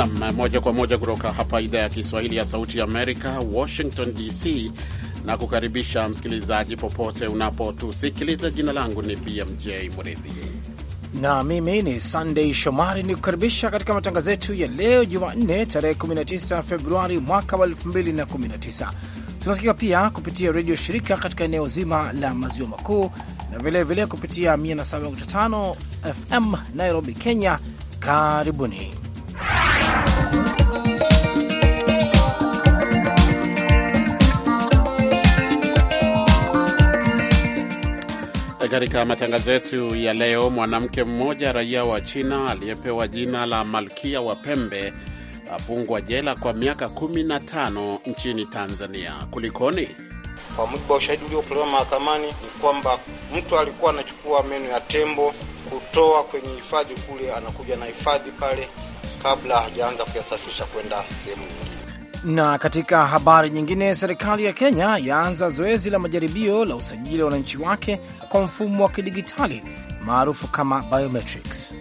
Nam moja kwa moja kutoka hapa idhaa ya Kiswahili ya Sauti ya Amerika, Washington DC, na kukaribisha msikilizaji popote unapotusikiliza. Jina langu ni BMJ Mridhi na mimi ni sandey Shomari, ni kukaribisha katika matangazo yetu ya leo Jumanne, tarehe 19 Februari mwaka wa 2019. Tunasikika pia kupitia redio shirika katika eneo zima la maziwa makuu na vilevile vile kupitia 107.5 FM Nairobi, Kenya. Karibuni. Katika matangazo yetu ya leo, mwanamke mmoja raia wa China aliyepewa jina la Malkia wa Pembe afungwa jela kwa miaka 15 nchini Tanzania. Kulikoni? Kwa mujibu wa ushahidi uliopolewa mahakamani ni kwamba mtu alikuwa anachukua meno ya tembo kutoa kwenye hifadhi kule, anakuja na hifadhi pale kabla hajaanza kuyasafisha kwenda sehemu nyingine. Na katika habari nyingine, serikali ya Kenya yaanza zoezi la majaribio la usajili wa wananchi wake kwa mfumo wa kidigitali maarufu kama biometrics.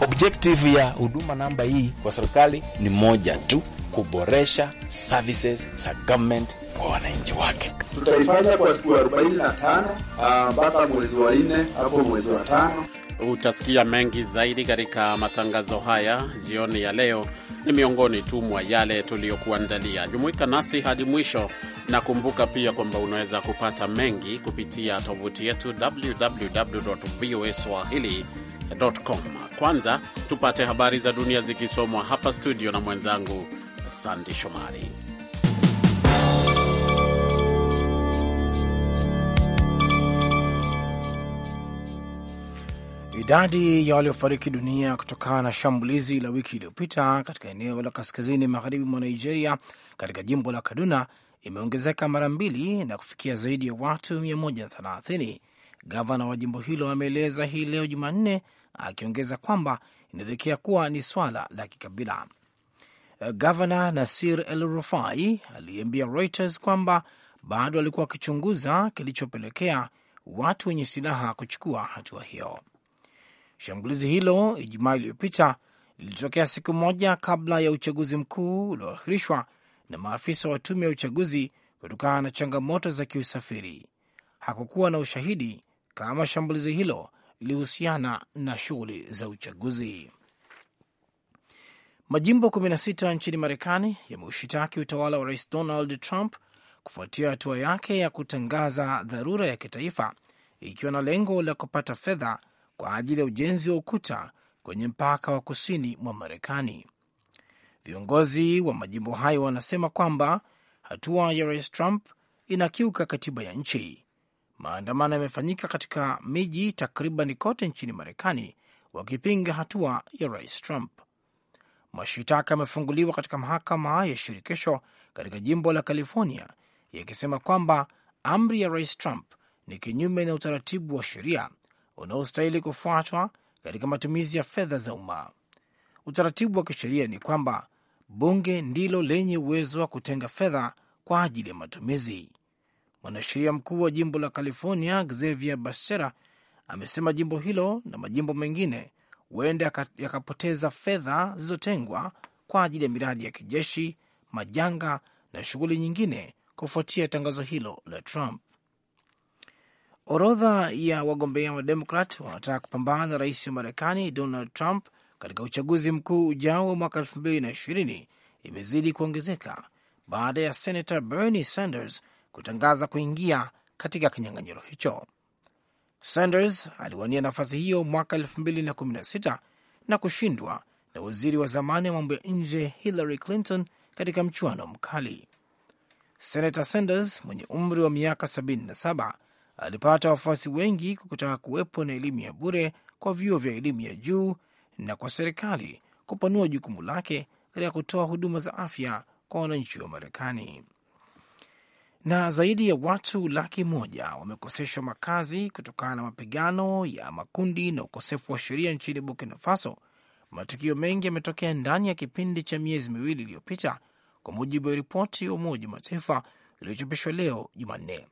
Objective ya huduma namba hii kwa serikali ni moja tu, kuboresha services za government kwa wananchi wake. Tutaifanya kwa siku 45 ah, mpaka mwezi wa 4 hapo mwezi wa tano. Utasikia mengi zaidi katika matangazo haya jioni ya leo ni miongoni tu mwa yale tuliyokuandalia. Jumuika nasi hadi mwisho, na kumbuka pia kwamba unaweza kupata mengi kupitia tovuti yetu www voa swahili.com. Kwanza tupate habari za dunia zikisomwa hapa studio na mwenzangu Sandi Shomari. Idadi ya waliofariki dunia kutokana na shambulizi la wiki iliyopita katika eneo la kaskazini magharibi mwa Nigeria katika jimbo la Kaduna imeongezeka mara mbili na kufikia zaidi ya watu 130. Gavana wa jimbo hilo ameeleza hii leo Jumanne, akiongeza kwamba inaelekea kuwa ni swala la kikabila. Gavana Nasir El Rufai aliambia Reuters kwamba bado alikuwa akichunguza kilichopelekea watu wenye silaha kuchukua hatua hiyo. Shambulizi hilo Ijumaa iliyopita lilitokea siku moja kabla ya uchaguzi mkuu ulioahirishwa na maafisa wa tume ya uchaguzi kutokana na changamoto za kiusafiri. Hakukuwa na ushahidi kama shambulizi hilo lilihusiana na shughuli za uchaguzi. Majimbo 16 nchini Marekani yameushitaki utawala wa rais Donald Trump kufuatia hatua yake ya kutangaza dharura ya kitaifa ikiwa na lengo la kupata fedha kwa ajili ya ujenzi wa ukuta kwenye mpaka wa kusini mwa Marekani. Viongozi wa majimbo hayo wanasema kwamba hatua ya rais Trump inakiuka katiba ya nchi. Maandamano yamefanyika katika miji takriban kote nchini Marekani wakipinga hatua ya rais Trump. Mashitaka yamefunguliwa katika mahakama ya shirikisho katika jimbo la California yakisema kwamba amri ya rais Trump ni kinyume na utaratibu wa sheria unaostahili kufuatwa katika matumizi ya fedha za umma. Utaratibu wa kisheria ni kwamba bunge ndilo lenye uwezo wa kutenga fedha kwa ajili ya matumizi. Mwanasheria mkuu wa jimbo la California Xavier Bastera amesema jimbo hilo na majimbo mengine huenda yakapoteza fedha zilizotengwa kwa ajili ya miradi ya kijeshi, majanga na shughuli nyingine kufuatia tangazo hilo la Trump. Orodha ya wagombea wa Demokrat wanataka kupambana na rais wa Marekani Donald Trump katika uchaguzi mkuu ujao wa mwaka elfu mbili na ishirini imezidi kuongezeka baada ya Senator Bernie Sanders kutangaza kuingia katika kinyang'anyiro hicho. Sanders aliwania nafasi hiyo mwaka elfu mbili na kumi na sita na kushindwa na waziri wa zamani wa mambo ya nje Hillary Clinton katika mchuano mkali. Senator Sanders mwenye umri wa miaka 77 alipata wafuasi wengi kwa kutaka kuwepo na elimu ya bure kwa vyuo vya elimu ya juu na kwa serikali kupanua jukumu lake katika kutoa huduma za afya kwa wananchi wa Marekani. Na zaidi ya watu laki moja wamekoseshwa makazi kutokana na mapigano ya makundi na ukosefu wa sheria nchini Burkina Faso. Matukio mengi yametokea ndani ya kipindi cha miezi miwili iliyopita, kwa mujibu wa ripoti ya Umoja wa Mataifa iliyochapishwa leo Jumanne.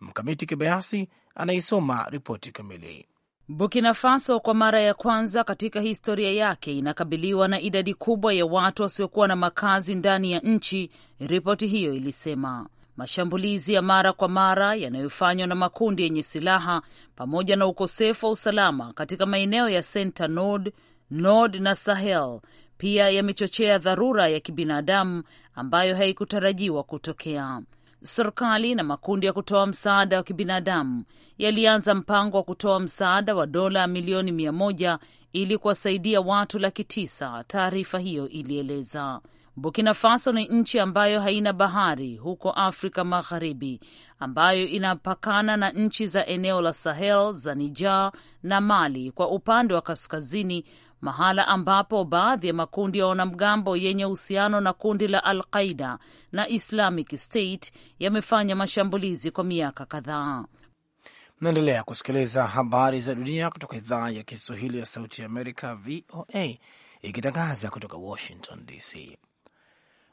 Mkamiti Kibayasi anaisoma ripoti kamili. Burkina Faso kwa mara ya kwanza katika historia yake inakabiliwa na idadi kubwa ya watu wasiokuwa na makazi ndani ya nchi, ripoti hiyo ilisema. Mashambulizi ya mara kwa mara yanayofanywa na makundi yenye silaha pamoja na ukosefu wa usalama katika maeneo ya Senta Nord, Nord na Sahel pia yamechochea dharura ya kibinadamu ambayo haikutarajiwa kutokea serikali na makundi ya kutoa msaada wa kibinadamu yalianza mpango wa kutoa msaada wa dola milioni mia moja ili kuwasaidia watu laki tisa, taarifa hiyo ilieleza. Burkina Faso ni nchi ambayo haina bahari huko Afrika Magharibi, ambayo inapakana na nchi za eneo la Sahel za Niger na Mali kwa upande wa kaskazini, mahala ambapo baadhi ya makundi ya wanamgambo yenye uhusiano na kundi la Al-Qaida na Islamic State yamefanya mashambulizi kwa miaka kadhaa. Mnaendelea kusikiliza habari za dunia kutoka idhaa ya Kiswahili ya Sauti ya Amerika, VOA, ikitangaza kutoka Washington DC.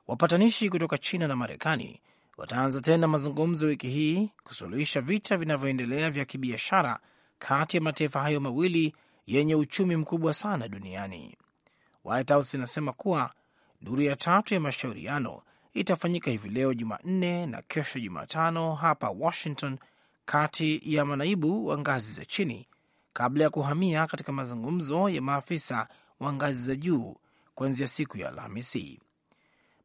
Wapatanishi kutoka China na Marekani wataanza tena mazungumzo wiki hii kusuluhisha vita vinavyoendelea vya kibiashara kati ya mataifa hayo mawili yenye uchumi mkubwa sana duniani. White House inasema kuwa duru ya tatu ya mashauriano itafanyika hivi leo Jumanne na kesho Jumatano hapa Washington, kati ya manaibu wa ngazi za chini kabla ya kuhamia katika mazungumzo ya maafisa wa ngazi za juu kuanzia siku ya Alhamisi.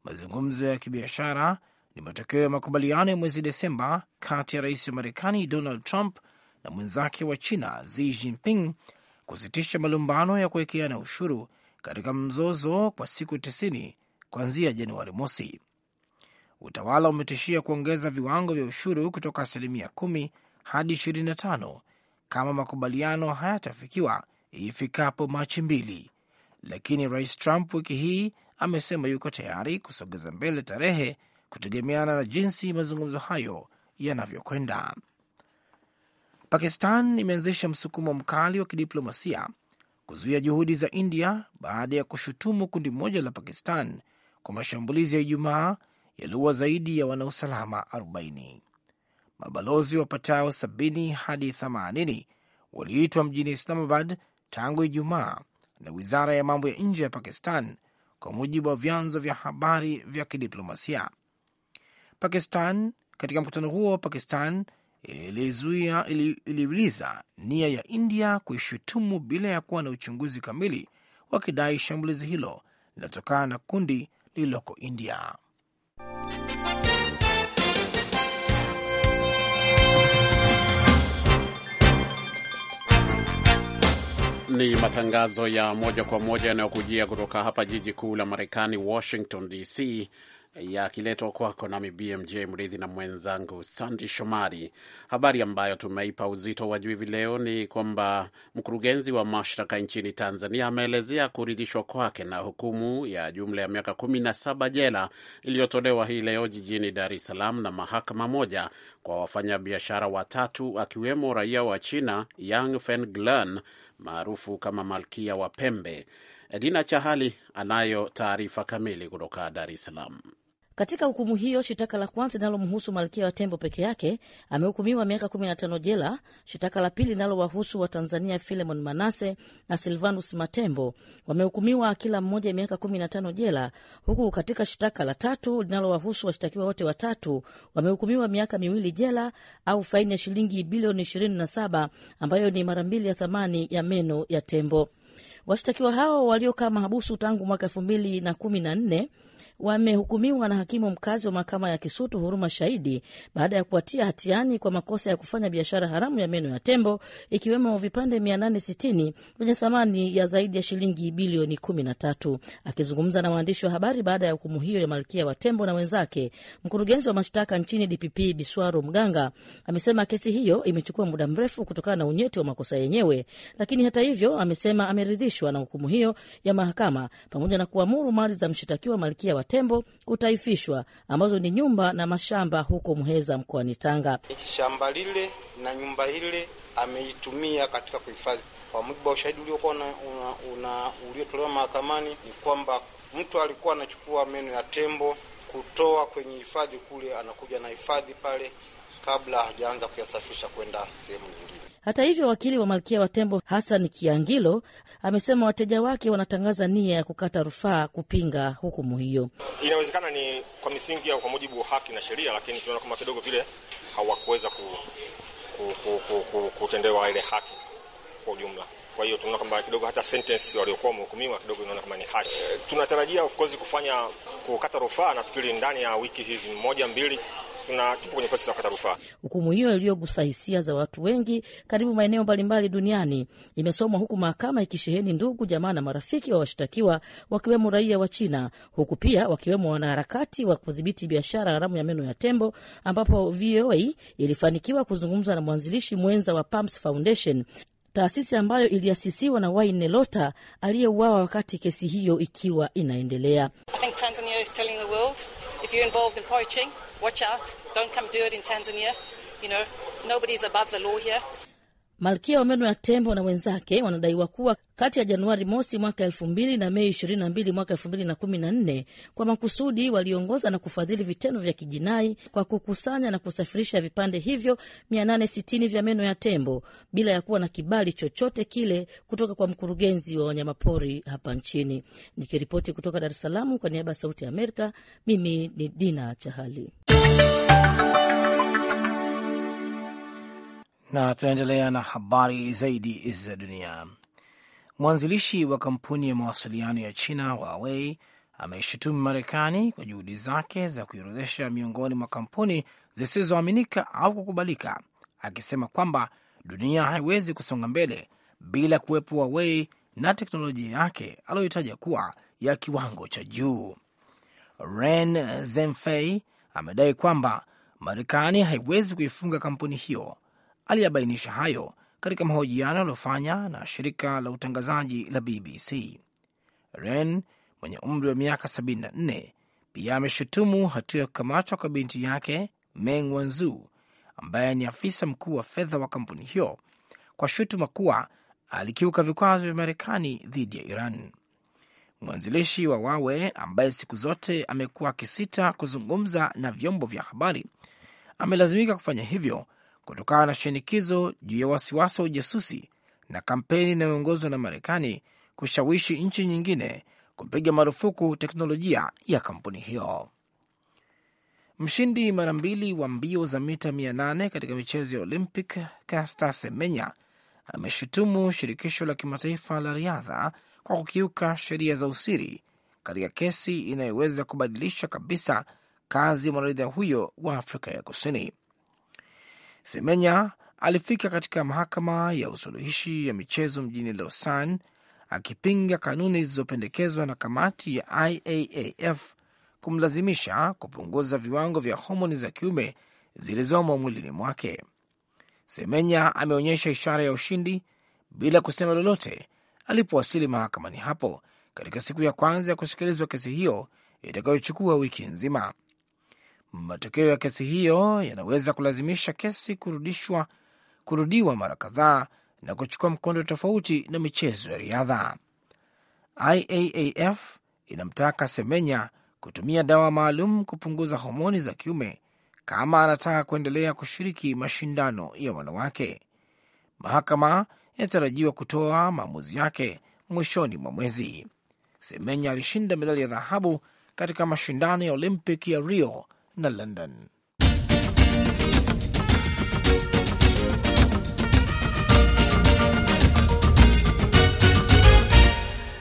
Mazungumzo ya kibiashara ni matokeo ya makubaliano ya mwezi Desemba kati ya rais wa Marekani Donald Trump na mwenzake wa China Xi Jinping kusitisha malumbano ya kuwekeana ushuru katika mzozo kwa siku tisini kuanzia Januari mosi. Utawala umetishia kuongeza viwango vya ushuru kutoka asilimia kumi hadi ishirini na tano kama makubaliano hayatafikiwa ifikapo Machi mbili, lakini Rais Trump wiki hii amesema yuko tayari kusogeza mbele tarehe kutegemeana na jinsi mazungumzo hayo yanavyokwenda. Pakistan imeanzisha msukumo mkali wa kidiplomasia kuzuia juhudi za India baada ya kushutumu kundi moja la Pakistan kwa mashambulizi ya Ijumaa yaliua zaidi ya wanausalama 40. Mabalozi wapatao 70 hadi 80 waliitwa mjini Islamabad tangu Ijumaa na wizara ya mambo ya nje ya Pakistan, kwa mujibu wa vyanzo vya habari vya kidiplomasia. Pakistan katika mkutano huo wa Pakistan iliuliza nia ya India kuishutumu bila ya kuwa na uchunguzi kamili, wakidai shambulizi hilo linatokana na kundi lililoko India. Ni matangazo ya moja kwa moja yanayokujia kutoka hapa jiji kuu la Marekani, Washington DC yakiletwa kwako nami BMJ Mridhi na mwenzangu Sandi Shomari. Habari ambayo tumeipa uzito wa juu hivi leo ni kwamba mkurugenzi wa mashtaka nchini Tanzania ameelezea kuridhishwa kwake na hukumu ya jumla ya miaka kumi na saba jela iliyotolewa hii leo jijini Dar es Salaam na mahakama moja kwa wafanyabiashara watatu akiwemo raia wa China Yang Fenglan maarufu kama Malkia wa Pembe. Edina Chahali anayo taarifa kamili kutoka Dar es Salaam. Katika hukumu hiyo, shitaka la kwanza linalomhusu malkia wa tembo peke yake amehukumiwa miaka 15 jela. Shitaka la pili linalowahusu Watanzania Filemon Manase na Silvanus Matembo wamehukumiwa kila mmoja miaka 15 jela, huku katika shitaka la tatu linalowahusu washitakiwa wote watatu wamehukumiwa miaka miwili jela au faini ya shilingi bilioni 27 ambayo ni mara mbili ya thamani ya meno ya tembo. Washtakiwa hao waliokaa mahabusu tangu mwaka elfu mbili na kumi na nne wamehukumiwa na hakimu mkazi wa mahakama ya Kisutu Huruma Shahidi baada ya kuwatia hatiani kwa makosa ya kufanya biashara haramu ya meno ya tembo ikiwemo vipande 860 vyenye thamani ya zaidi ya shilingi bilioni 13. Akizungumza na waandishi wa habari baada ya hukumu hiyo ya Malkia wa Tembo na wenzake, mkurugenzi wa mashtaka nchini DPP Biswaru Mganga amesema kesi hiyo imechukua muda mrefu kutokana na unyeti wa makosa yenyewe, lakini hata hivyo amesema ameridhishwa na hukumu hiyo ya mahakama pamoja na kuamuru mali za mshitakiwa Malkia wa wa tembo kutaifishwa, ambazo ni nyumba na mashamba huko Mheza mkoani Tanga. Shamba lile na nyumba ile ameitumia katika kuhifadhi. Kwa mujibu wa ushahidi uliokuwa uliotolewa mahakamani, ni kwamba mtu alikuwa anachukua meno ya tembo kutoa kwenye hifadhi kule, anakuja na hifadhi pale kabla hajaanza kuyasafisha kwenda sehemu nyingine. Hata hivyo, wakili wa malkia wa tembo Hassan Kiangilo amesema wateja wake wanatangaza nia ya kukata rufaa kupinga hukumu hiyo. Inawezekana ni kwa misingi au kwa mujibu wa haki na sheria, lakini tunaona kama kidogo vile hawakuweza ku, ku, ku, ku, ku, kutendewa ile haki kwa ujumla. Kwa hiyo tunaona kwamba kidogo hata sentence waliokuwa wamehukumiwa kidogo inaona kama ni haki. Tunatarajia of course kufanya kukata rufaa, nafikiri ndani ya wiki hizi moja mbili tuna kipo kwenye prosesi za kukata rufaa. Hukumu hiyo iliyogusa hisia za watu wengi karibu maeneo mbalimbali duniani imesomwa huku mahakama ikisheheni ndugu, jamaa na marafiki wa washtakiwa wakiwemo raia wa China, huku pia wakiwemo wanaharakati wa kudhibiti biashara haramu ya meno ya tembo, ambapo VOA ilifanikiwa kuzungumza na mwanzilishi mwenza wa PAMS Foundation taasisi ambayo iliasisiwa na Wayne aliyeuawa wakati kesi hiyo ikiwa inaendelea. I think Watch out. Don't come do it in Tanzania. You know, nobody's above the law here. Malkia wa meno ya tembo na wenzake wanadaiwa kuwa kati ya Januari mosi mwaka elfu mbili na Mei ishirini na mbili mwaka elfu mbili na kumi na nne kwa makusudi waliongoza na kufadhili vitendo vya kijinai kwa kukusanya na kusafirisha vipande hivyo mia nane sitini vya meno ya tembo bila ya kuwa na kibali chochote kile kutoka kwa mkurugenzi wa wanyamapori hapa nchini. Nikiripoti kutoka Dar es Salaam kwa niaba ya Sauti ya Amerika, mimi ni Dina Chahali. na tunaendelea na habari zaidi za dunia. Mwanzilishi wa kampuni ya mawasiliano ya China Huawei ameishutumu Marekani kwa juhudi zake za kuiorodhesha miongoni mwa kampuni zisizoaminika au kukubalika, akisema kwamba dunia haiwezi kusonga mbele bila kuwepo Huawei na teknolojia yake aliyoitaja kuwa ya kiwango cha juu. Ren Zhengfei amedai kwamba Marekani haiwezi kuifunga kampuni hiyo Aliyabainisha hayo katika mahojiano aliyofanya na shirika la utangazaji la BBC. Ren mwenye umri wa miaka 74 pia ameshutumu hatua ya kukamatwa kwa binti yake Meng Wanzu ambaye ni afisa mkuu wa fedha wa kampuni hiyo kwa shutuma kuwa alikiuka vikwazo vya Marekani dhidi ya Iran. Mwanzilishi wa Wawe ambaye siku zote amekuwa akisita kuzungumza na vyombo vya habari amelazimika kufanya hivyo kutokana na shinikizo juu ya wasiwasi wa ujasusi na kampeni inayoongozwa na Marekani kushawishi nchi nyingine kupiga marufuku teknolojia ya kampuni hiyo. Mshindi mara mbili wa mbio za mita 800 katika michezo ya Olympic Caster Semenya ameshutumu shirikisho la kimataifa la riadha kwa kukiuka sheria za usiri katika kesi inayoweza kubadilisha kabisa kazi ya mwanariadha huyo wa Afrika ya Kusini. Semenya alifika katika mahakama ya usuluhishi ya michezo mjini Lausanne akipinga kanuni zilizopendekezwa na kamati ya IAAF kumlazimisha kupunguza viwango vya homoni za kiume zilizomo mwilini mwake. Semenya ameonyesha ishara ya ushindi bila kusema lolote alipowasili mahakamani hapo katika siku ya kwanza ya kusikilizwa kesi hiyo itakayochukua wiki nzima. Matokeo ya kesi hiyo yanaweza kulazimisha kesi kurudishwa, kurudiwa mara kadhaa na kuchukua mkondo tofauti na michezo ya riadha. IAAF inamtaka Semenya kutumia dawa maalum kupunguza homoni za kiume kama anataka kuendelea kushiriki mashindano ya wanawake. Mahakama inatarajiwa kutoa maamuzi yake mwishoni mwa mwezi. Semenya alishinda medali ya dhahabu katika mashindano ya Olimpiki ya Rio na London.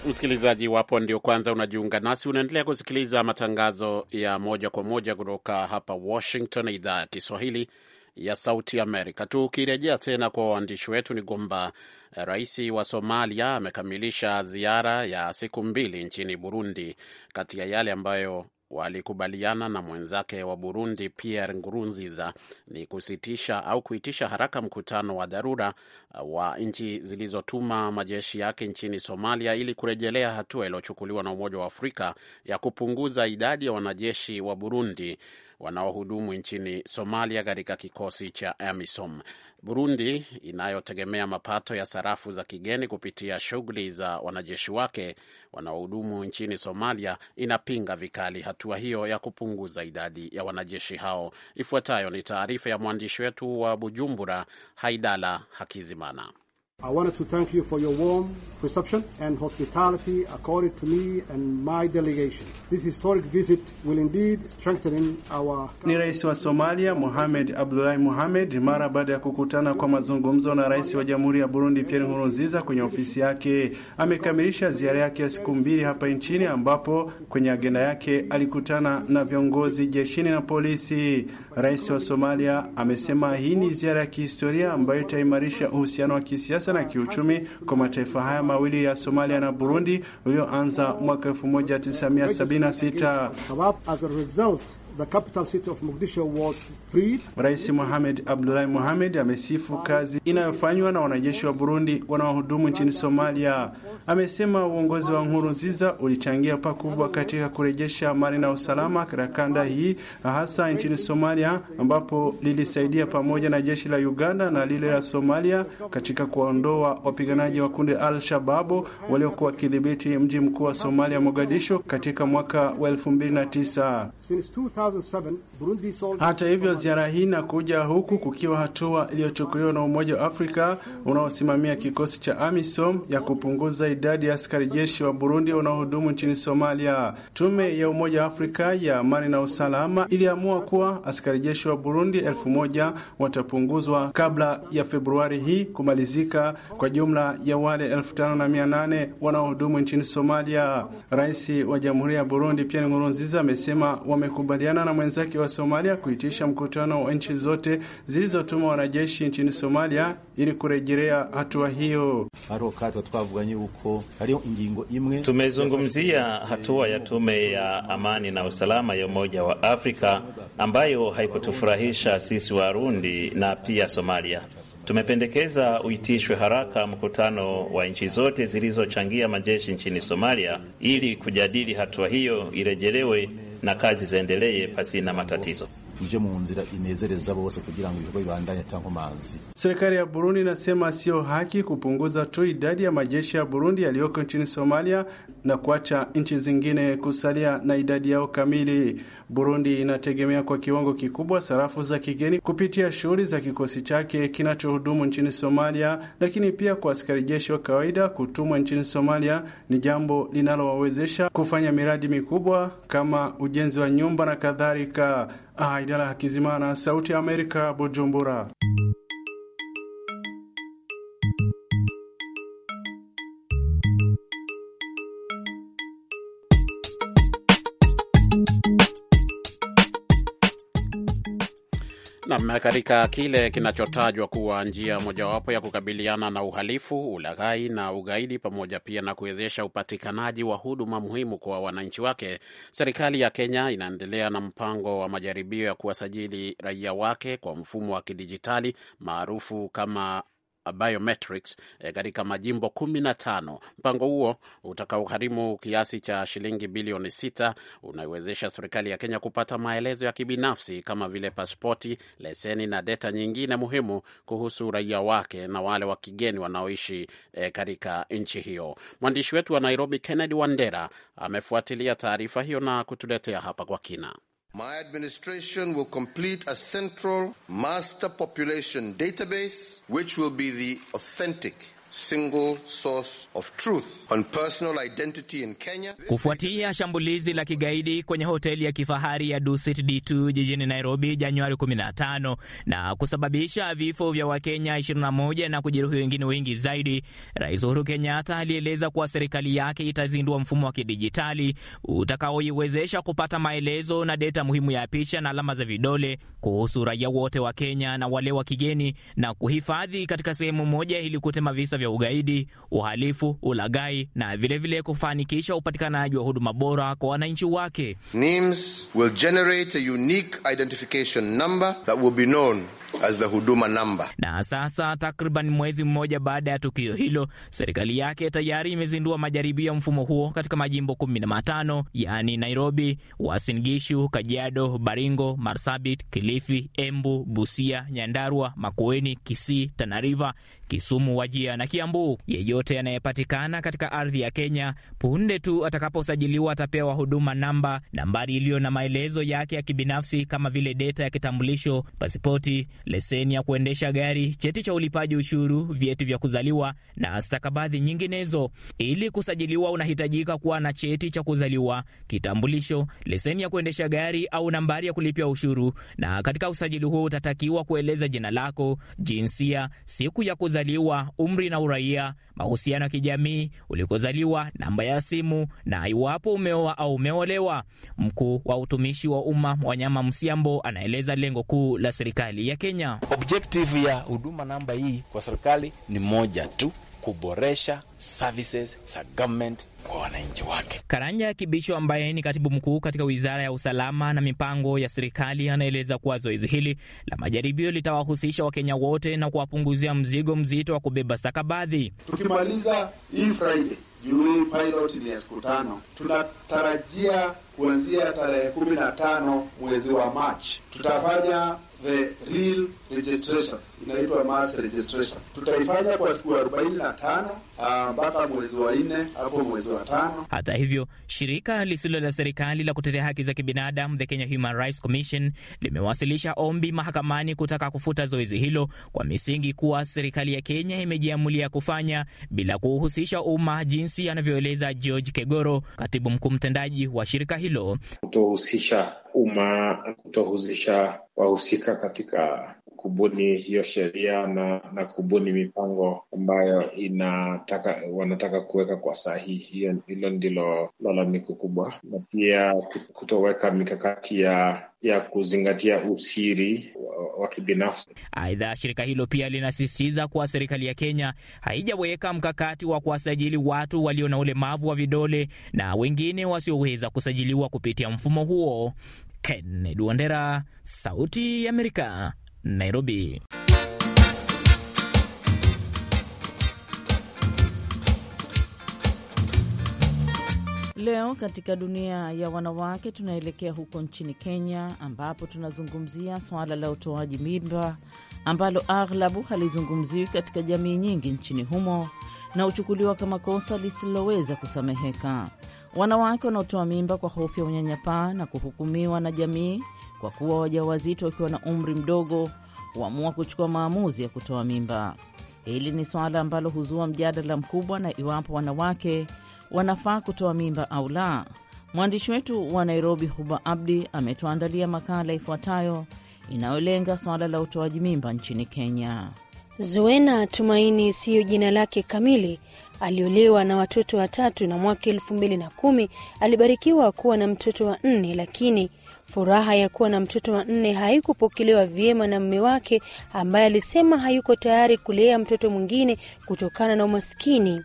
Msikilizaji wapo ndio kwanza unajiunga nasi, unaendelea kusikiliza matangazo ya moja kwa moja kutoka hapa Washington, idhaa ya Kiswahili ya Sauti Amerika. Tukirejea tena kwa waandishi wetu, ni kwamba rais wa Somalia amekamilisha ziara ya siku mbili nchini Burundi, kati ya yale ambayo walikubaliana na mwenzake wa Burundi Pierre Nkurunziza ni kusitisha au kuitisha haraka mkutano wa dharura uh, wa nchi zilizotuma majeshi yake nchini Somalia ili kurejelea hatua iliyochukuliwa na Umoja wa Afrika ya kupunguza idadi ya wanajeshi wa Burundi wanaohudumu nchini Somalia katika kikosi cha AMISOM. Burundi inayotegemea mapato ya sarafu za kigeni kupitia shughuli za wanajeshi wake wanaohudumu nchini Somalia inapinga vikali hatua hiyo ya kupunguza idadi ya wanajeshi hao. Ifuatayo ni taarifa ya mwandishi wetu wa Bujumbura, Haidala Hakizimana. I wanted to thank you for your warm reception and hospitality accorded to me and my delegation. This historic visit will indeed strengthen our... Ni Rais wa Somalia Mohamed Abdullahi Mohamed mara baada ya kukutana kwa mazungumzo na Rais wa Jamhuri ya Burundi Pierre Nkurunziza kwenye ofisi yake. Amekamilisha ziara yake ya siku mbili hapa nchini ambapo kwenye agenda yake alikutana na viongozi jeshini na polisi. Rais wa Somalia amesema hii ni ziara ya kihistoria ambayo itaimarisha uhusiano wa kisiasa kisiasa na kiuchumi kwa mataifa haya mawili ya Somalia na Burundi ulioanza mwaka 1976. Rais Mohamed Abdullahi Mohamed amesifu kazi inayofanywa na wanajeshi wa Burundi wanaohudumu nchini Somalia amesema uongozi wa Nkurunziza ulichangia pakubwa katika kurejesha amani na usalama katika kanda hii, hasa nchini Somalia ambapo lilisaidia pamoja na jeshi la Uganda na lile la Somalia katika kuondoa wapiganaji wa kundi Al-Shababu waliokuwa wakidhibiti mji mkuu wa Somalia, Mogadisho, katika mwaka wa tisa. Hata hivyo, ziara hii inakuja huku kukiwa hatua iliyochukuliwa na Umoja wa Afrika unaosimamia kikosi cha AMISOM ya kupunguza idadi ya askari jeshi wa Burundi wanaohudumu nchini Somalia. Tume ya Umoja wa Afrika ya amani na usalama iliamua kuwa askari jeshi wa Burundi elfu moja watapunguzwa kabla ya Februari hii kumalizika kwa jumla ya wale elfu tano na mia nane wanaohudumu nchini Somalia. Rais wa Jamhuri ya Burundi Pierre Nkurunziza amesema wamekubaliana na mwenzake wa Somalia kuitisha mkutano wa nchi zote zilizotuma wanajeshi nchini Somalia ili kurejelea hatua hiyo. Tumezungumzia hatua ya tume ya amani na usalama ya Umoja wa Afrika ambayo haikutufurahisha sisi Warundi na pia Somalia. Tumependekeza uitishwe haraka mkutano wa nchi zote zilizochangia majeshi nchini Somalia ili kujadili hatua hiyo irejelewe na kazi ziendelee pasi na matatizo ije mu nzira inezereza bose kugira ngo ibikorwa bibandanye manzi. Serikali ya Burundi inasema sio haki kupunguza tu idadi ya majeshi ya Burundi yaliyoko nchini Somalia na kuacha nchi zingine kusalia na idadi yao kamili. Burundi inategemea kwa kiwango kikubwa sarafu za kigeni kupitia shughuli za kikosi chake kinachohudumu nchini Somalia, lakini pia kwa askari jeshi wa kawaida kutumwa nchini Somalia ni jambo linalowawezesha kufanya miradi mikubwa kama ujenzi wa nyumba na kadhalika. Aidala ah, Kizimana, Sauti ya Amerika, Bujumbura. Nam, katika kile kinachotajwa kuwa njia mojawapo ya kukabiliana na uhalifu, ulaghai na ugaidi, pamoja pia na kuwezesha upatikanaji wa huduma muhimu kwa wananchi wake, serikali ya Kenya inaendelea na mpango wa majaribio ya kuwasajili raia wake kwa mfumo wa kidijitali maarufu kama biometrics eh, katika majimbo kumi na tano. Mpango huo utakaogharimu kiasi cha shilingi bilioni sita unaiwezesha serikali ya Kenya kupata maelezo ya kibinafsi kama vile paspoti, leseni na data nyingine muhimu kuhusu raia wake na wale wa kigeni wanaoishi eh, katika nchi hiyo. Mwandishi wetu wa Nairobi Kennedy Wandera amefuatilia taarifa hiyo na kutuletea hapa kwa kina. My administration will complete a central master population database, which will be the authentic single source of truth on personal identity in Kenya. Kufuatia shambulizi la kigaidi kwenye hoteli ya kifahari ya Dusit D2 jijini Nairobi Januari 15 na kusababisha vifo vya Wakenya 21 na kujeruhi wengine wengi zaidi, Rais Uhuru Kenyatta alieleza kuwa serikali yake itazindua mfumo wa kidijitali utakaoiwezesha kupata maelezo na deta muhimu ya picha na alama za vidole kuhusu raia wote wa Kenya na wale wa kigeni na kuhifadhi katika sehemu moja ili kutema visa vya ugaidi, uhalifu, ulagai na vilevile vile kufanikisha upatikanaji wa huduma bora kwa wananchi wake. NIMS will generate a unique identification number that will be known as the huduma Na sasa takriban mwezi mmoja baada ya tukio hilo, serikali yake tayari imezindua majaribio ya mfumo huo katika majimbo kumi na matano yaani Nairobi, Uasin Gishu, Kajiado, Baringo, Marsabit, Kilifi, Embu, Busia, Nyandarua, Makueni, Kisii, Tana River, Kisumu, Wajia na Kiambu. Yeyote yanayepatikana katika ardhi ya Kenya punde tu atakaposajiliwa atapewa huduma namba, nambari iliyo na maelezo yake ya kibinafsi kama vile deta ya kitambulisho, pasipoti leseni ya kuendesha gari, cheti cha ulipaji ushuru, vyeti vya kuzaliwa na stakabadhi nyinginezo. Ili kusajiliwa, unahitajika kuwa na cheti cha kuzaliwa, kitambulisho, leseni ya kuendesha gari au nambari ya kulipia ushuru. Na katika usajili huo utatakiwa kueleza jina lako, jinsia, siku ya kuzaliwa, umri na uraia, mahusiano ya kijamii, ulikozaliwa, namba ya simu na iwapo umeoa au umeolewa. Mkuu wa utumishi wa umma Wanyama Msiambo anaeleza lengo kuu la serikali ya Kenya Kenya. Objective ya huduma namba hii kwa serikali ni moja tu, kuboresha services za government kwa wananchi wake. Karanja Kibicho ambaye ni katibu mkuu katika wizara ya usalama na mipango ya serikali anaeleza kuwa zoezi hili la majaribio litawahusisha Wakenya wote na kuwapunguzia mzigo mzito wa kubeba stakabadhi. Tukimaliza hii Friday juu pilot ni ya siku tano, tunatarajia kuanzia tarehe kumi na tano mwezi wa Machi tutafanya the real registration inaitwa mass registration. Tutaifanya kwa siku arobaini na tano ah, mpaka mwezi wa nne hapo mwezi wa tano. Hata hivyo, shirika lisilo la serikali la kutetea haki za kibinadamu the Kenya Human Rights Commission limewasilisha ombi mahakamani kutaka kufuta zoezi hilo kwa misingi kuwa serikali ya Kenya imejiamulia kufanya bila kuhusisha umma, jinsi anavyoeleza George Kegoro, katibu mkuu mtendaji wa shirika hilo. Kutohusisha umma, kutohusisha wahusika katika kubuni hiyo sheria na na kubuni mipango ambayo inataka wanataka kuweka kwa sahihi. Hilo ndilo lalamiko kubwa, na pia kutoweka mikakati ya ya kuzingatia usiri wa kibinafsi. Aidha, shirika hilo pia linasisitiza kuwa serikali ya Kenya haijaweka mkakati wa kuwasajili watu walio na ulemavu wa vidole na wengine wasioweza kusajiliwa kupitia mfumo huo, Kennedy Wandera, Sauti ya Amerika, Nairobi. Leo katika dunia ya wanawake tunaelekea huko nchini Kenya, ambapo tunazungumzia suala la utoaji mimba ambalo aghlabu halizungumziwi katika jamii nyingi nchini humo na huchukuliwa kama kosa lisiloweza kusameheka wanawake wanaotoa mimba kwa hofu ya unyanyapaa na kuhukumiwa na jamii kwa kuwa wajawazito wakiwa na umri mdogo huamua kuchukua maamuzi ya kutoa mimba. Hili ni suala ambalo huzua mjadala mkubwa na iwapo wanawake wanafaa kutoa mimba au la. Mwandishi wetu wa Nairobi, Huba Abdi, ametuandalia makala ifuatayo inayolenga suala la utoaji mimba nchini Kenya. Zoena Tumaini siyo jina lake kamili. Aliolewa na watoto watatu na mwaka elfu mbili na kumi alibarikiwa kuwa na mtoto wa nne, lakini furaha ya kuwa na mtoto wa nne haikupokelewa vyema na mme wake ambaye alisema hayuko tayari kulea mtoto mwingine kutokana na umaskini.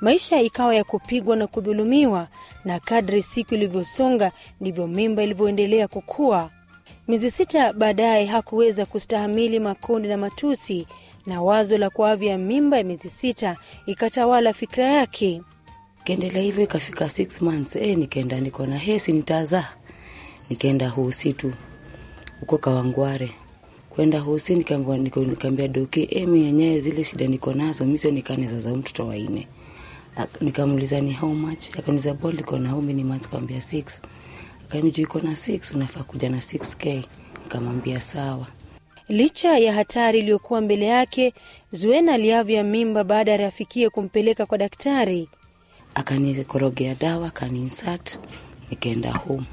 Maisha ikawa ya kupigwa na kudhulumiwa, na kadri siku ilivyosonga ndivyo mimba ilivyoendelea kukua. Miezi sita baadaye hakuweza kustahamili makonde na matusi na wazo la kuavya mimba ya miezi sita ikatawala fikra yake. Kendelea hivyo, ikafika six months eh, nikaenda niko na hesi nitazaa. Nikaenda tu huko Kawangware kwenda husi nikaambia nikaambia doki eh, mimi yenyewe zile shida niko nazo mimi sio nikaneza za mtoto wa nne. Nikamuuliza ni how much, akaniuliza ball iko na how many months, nikamwambia 6 akaniambia iko na 6 unafaa kuja na 6k, nikamwambia sawa. Licha ya hatari iliyokuwa mbele yake, Zuena aliavya mimba baada ya rafikie kumpeleka kwa daktari. Akanikorogea dawa akaninsert, nikaenda home.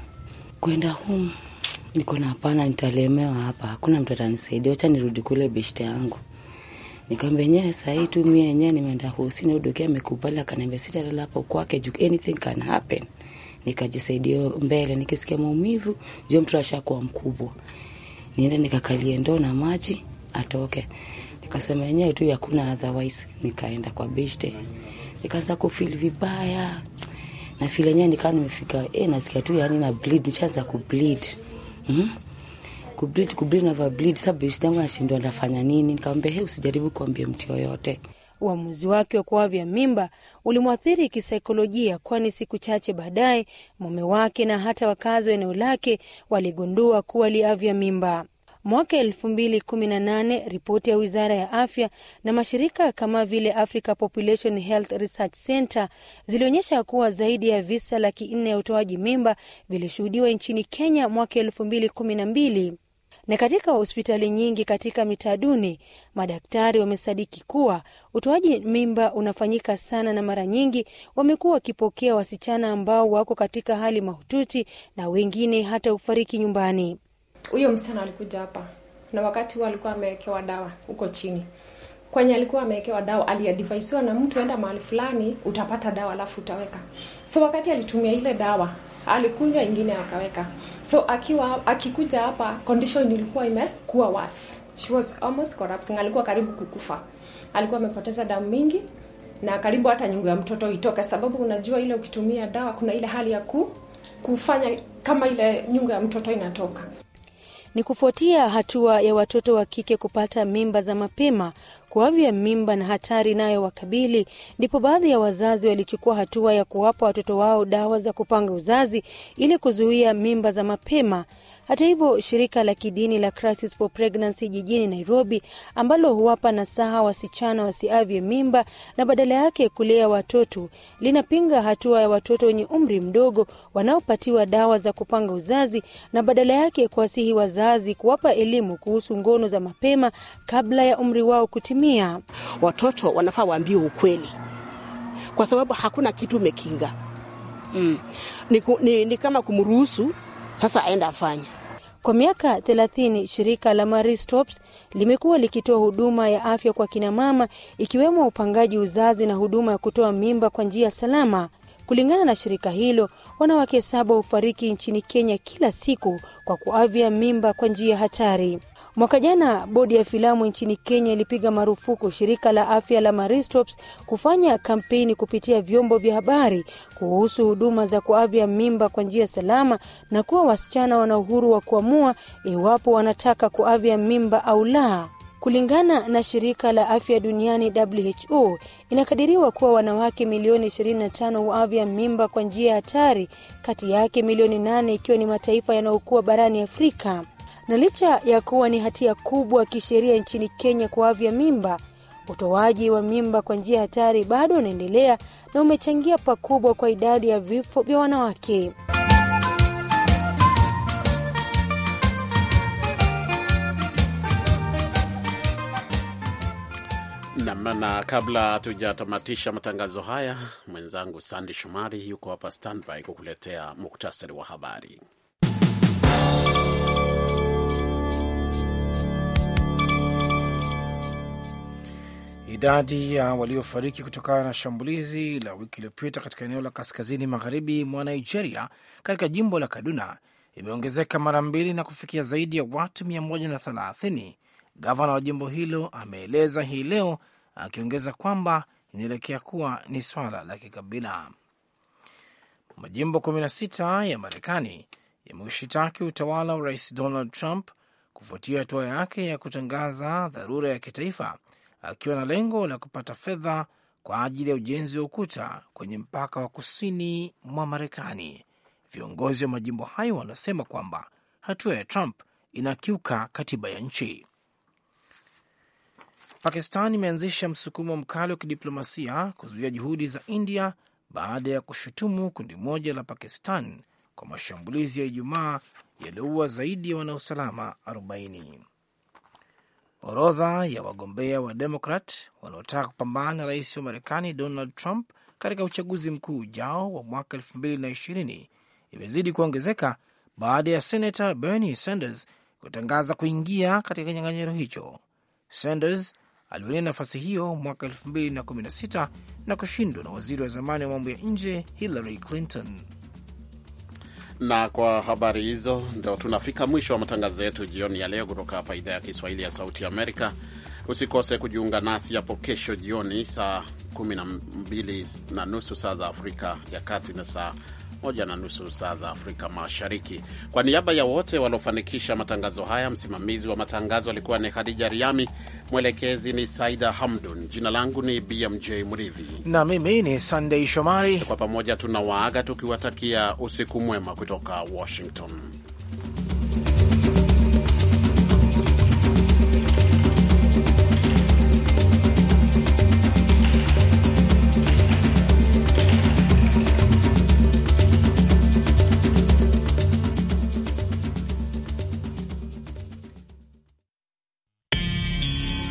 Kwenda home niko na hapana, nitalemewa hapa, hakuna mtu atanisaidia, wacha nirudi kule beshte yangu. Nikamwambia yenyewe sahii tu mie yenyewe nimeenda husini udokea amekubali, akaniambia sitalala hapo kwake juu anything can happen. Nikajisaidia mbele, nikisikia maumivu juu mtu ashakuwa mkubwa niende nikakalie ndoo na maji atoke. Nikasema yenyewe tu hakuna otherwise. Nikaenda kwa beste day, nikaanza kufeel vibaya na feel yenyewe nikaa nimefika, eh, nasikia tu yani na bleed, nishaanza ku bleed mm ku bleed ku bleed na bleed. sababu beach yangu nashindwa ndafanya nini? Nikamwambia, he, usijaribu kuambia mtu yoyote. Uamuzi wake wa kuavya mimba ulimwathiri kisaikolojia, kwani siku chache baadaye mume wake na hata wakazi wa eneo lake waligundua kuwa aliavya mimba. Mwaka elfu mbili kumi na nane ripoti ya wizara ya afya na mashirika kama vile Africa Population Health Research Center zilionyesha kuwa zaidi ya visa laki nne ya utoaji mimba vilishuhudiwa nchini Kenya mwaka elfu mbili kumi na mbili. Na katika hospitali nyingi katika mitaa duni, madaktari wamesadiki kuwa utoaji mimba unafanyika sana, na mara nyingi wamekuwa wakipokea wasichana ambao wako katika hali mahututi na wengine hata ufariki nyumbani. Huyo msichana alikuja hapa na wakati huo alikuwa amewekewa dawa huko chini kwenye alikuwa amewekewa dawa, aliadvaisiwa na mtu, enda mahali fulani utapata dawa alafu utaweka. So wakati alitumia ile dawa alikunywa ingine akaweka. So akiwa akikuja hapa condition ilikuwa imekuwa worse. She was almost collapsing. Alikuwa karibu kukufa, alikuwa amepoteza damu mingi na karibu hata nyungu ya mtoto itoke, sababu unajua ile ukitumia dawa kuna ile hali ya ku, kufanya kama ile nyungu ya mtoto inatoka ni kufuatia hatua ya watoto wa kike kupata mimba za mapema, kuavya mimba na hatari nayo wakabili ndipo baadhi ya wazazi walichukua hatua ya kuwapa watoto wao dawa za kupanga uzazi ili kuzuia mimba za mapema. Hata hivyo, shirika la kidini la Crisis for Pregnancy jijini Nairobi, ambalo huwapa nasaha wasichana wasiavye mimba na badala yake kulea watoto, linapinga hatua ya watoto wenye umri mdogo wanaopatiwa dawa za kupanga uzazi na badala yake kuwasihi wazazi kuwapa elimu kuhusu ngono za mapema kabla ya umri wao kutimia. Watoto wanafaa waambiwe ukweli, kwa sababu hakuna kitu umekinga. Mm. Ni, ni, ni kama kumruhusu sasa aenda afanya. Kwa miaka thelathini shirika la Marie Stopes limekuwa likitoa huduma ya afya kwa kinamama ikiwemo upangaji uzazi na huduma ya kutoa mimba kwa njia salama. Kulingana na shirika hilo, wanawake saba hufariki nchini Kenya kila siku kwa kuavya mimba kwa njia hatari. Mwaka jana bodi ya filamu nchini Kenya ilipiga marufuku shirika la afya la Maristops kufanya kampeni kupitia vyombo vya habari kuhusu huduma za kuavya mimba kwa njia salama na kuwa wasichana wana uhuru wa kuamua iwapo wanataka kuavya mimba au la. Kulingana na shirika la afya duniani WHO, inakadiriwa kuwa wanawake milioni 25 huavya mimba kwa njia hatari, kati yake milioni 8 ikiwa ni mataifa yanayokuwa barani Afrika na licha ya kuwa ni hatia kubwa kisheria nchini Kenya kuavya mimba, utoaji wa mimba kwa njia hatari bado unaendelea na umechangia pakubwa kwa idadi ya vifo vya wanawake. Nam, na kabla tujatamatisha matangazo haya, mwenzangu Sandi Shomari yuko hapa standby kukuletea muktasari wa habari. Idadi ya waliofariki kutokana na shambulizi la wiki iliyopita katika eneo la kaskazini magharibi mwa Nigeria katika jimbo la Kaduna imeongezeka mara mbili na kufikia zaidi ya watu 130, gavana wa jimbo hilo ameeleza hii leo, akiongeza kwamba inaelekea kuwa ni swala la kikabila. Majimbo 16 ya Marekani yameushitaki utawala wa rais Donald Trump kufuatia hatua yake ya kutangaza dharura ya kitaifa akiwa na lengo la kupata fedha kwa ajili ya ujenzi wa ukuta kwenye mpaka wa kusini mwa Marekani. Viongozi wa majimbo hayo wanasema kwamba hatua ya Trump inakiuka katiba ya nchi. Pakistan imeanzisha msukumo mkali wa kidiplomasia kuzuia juhudi za India baada ya kushutumu kundi moja la Pakistan kwa mashambulizi ya Ijumaa yaliyoua zaidi ya wanausalama Orodha ya wagombea wa Demokrat wanaotaka kupambana na rais wa Marekani Donald Trump katika uchaguzi mkuu ujao wa mwaka 220 imezidi kuongezeka baada ya senata Bernie Sanders kutangaza kuingia katika kinyang'anyiro hicho. Sanders aliwania nafasi hiyo mwaka 216 na kushindwa na waziri wa zamani wa mambo ya nje Hillary Clinton. Na kwa habari hizo ndo tunafika mwisho wa matangazo yetu jioni ya leo kutoka hapa idhaa ya Kiswahili ya Sauti Amerika. Usikose kujiunga nasi hapo kesho jioni saa 12 na nusu saa za Afrika ya Kati na saa moja na nusu saa za Afrika Mashariki. Kwa niaba ya wote waliofanikisha matangazo haya, msimamizi wa matangazo alikuwa ni Khadija Riami, mwelekezi ni Saida Hamdun, jina langu ni BMJ Mridhi na mimi ni Sandei Shomari. Kwa pamoja tunawaaga tukiwatakia usiku mwema kutoka Washington.